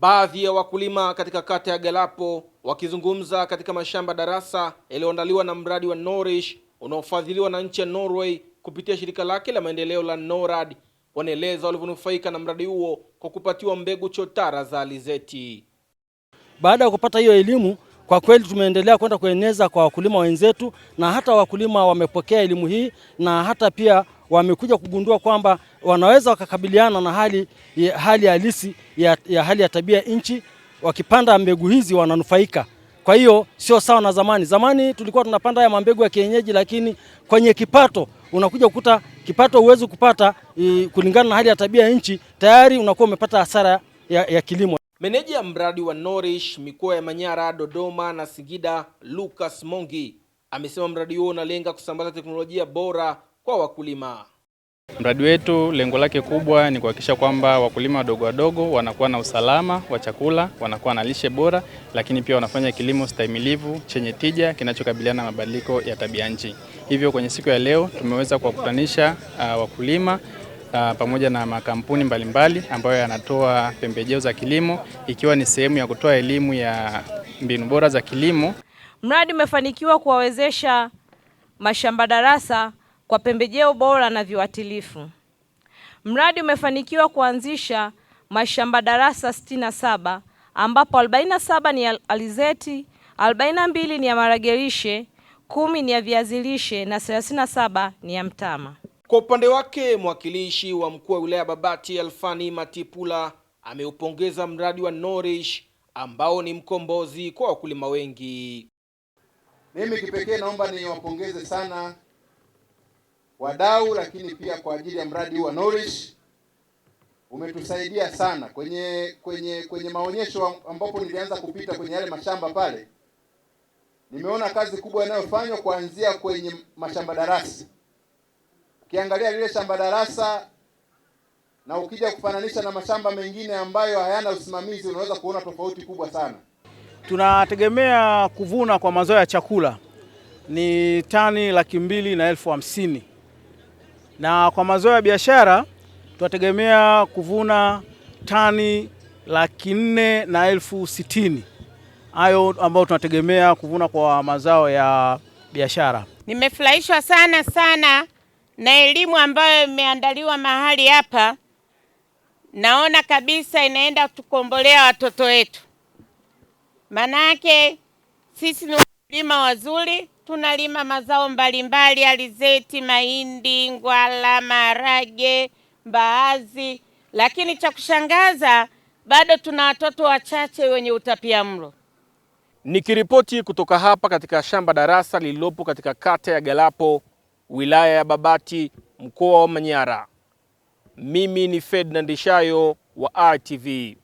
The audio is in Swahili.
Baadhi ya wakulima katika kata ya Galapo wakizungumza katika mashamba darasa yaliyoandaliwa na mradi wa Norish unaofadhiliwa na nchi ya Norway kupitia shirika lake la maendeleo la NORAD wanaeleza walivyonufaika na mradi huo kwa kupatiwa mbegu chotara za alizeti. Baada ya kupata hiyo elimu, kwa kweli tumeendelea kwenda kueneza kwa wakulima wenzetu, na hata wakulima wamepokea elimu hii na hata pia wamekuja kugundua kwamba wanaweza wakakabiliana na hali, hali halisi ya, ya hali ya tabia nchi. Wakipanda mbegu hizi wananufaika. Kwa hiyo sio sawa na zamani. Zamani tulikuwa tunapanda haya mambegu ya kienyeji, lakini kwenye kipato unakuja kukuta kipato huwezi kupata i, kulingana na hali ya tabia nchi, tayari unakuwa umepata hasara ya, ya kilimo. Meneja ya mradi wa Nourish mikoa ya Manyara, Dodoma na Singida, Lucas Mongi amesema mradi huo unalenga kusambaza teknolojia bora kwa wakulima. Mradi wetu lengo lake kubwa ni kuhakikisha kwamba wakulima wadogo wadogo wanakuwa na usalama wa chakula, wanakuwa na lishe bora, lakini pia wanafanya kilimo stahimilivu chenye tija kinachokabiliana na mabadiliko ya tabia nchi. Hivyo kwenye siku ya leo tumeweza kuwakutanisha uh, wakulima Uh, pamoja na makampuni mbalimbali mbali, ambayo yanatoa pembejeo za kilimo ikiwa ni sehemu ya kutoa elimu ya mbinu bora za kilimo. Mradi umefanikiwa kuwawezesha mashamba darasa kwa pembejeo bora na viuatilifu. Mradi umefanikiwa kuanzisha mashamba darasa 67 ambapo 47 ni alizeti, 42 ni ya maragerishe kumi ni ya viazi lishe na 37 ni ya mtama. Kwa upande wake mwakilishi wa mkuu wa wilaya Babati Alfani Matipula ameupongeza mradi wa Norish ambao ni mkombozi kwa wakulima wengi. Mimi kipekee naomba niwapongeze sana wadau, lakini pia kwa ajili ya mradi huu wa Nourish umetusaidia sana kwenye kwenye kwenye maonyesho ambapo nilianza kupita kwenye yale mashamba pale, nimeona kazi kubwa inayofanywa kuanzia kwenye mashamba darasa. Ukiangalia lile shamba darasa na ukija kufananisha na mashamba mengine ambayo hayana usimamizi, unaweza kuona tofauti kubwa sana. Tunategemea kuvuna kwa mazao ya chakula ni tani laki mbili na elfu hamsini na kwa mazao ya biashara tunategemea kuvuna tani laki nne na elfu sitini hayo ambayo tunategemea kuvuna kwa mazao ya biashara. Nimefurahishwa sana sana na elimu ambayo imeandaliwa mahali hapa. Naona kabisa inaenda kutukombolea watoto wetu, maanake sisi ni wakulima wazuri tunalima mazao mbalimbali: alizeti, mahindi, ngwala, maharage, mbaazi, lakini cha kushangaza bado tuna watoto wachache wenye utapia mlo. Nikiripoti kutoka hapa katika shamba darasa lililopo katika kata ya Galapo, wilaya ya Babati, mkoa wa Manyara, mimi ni Ferdinand Shayo wa RTV.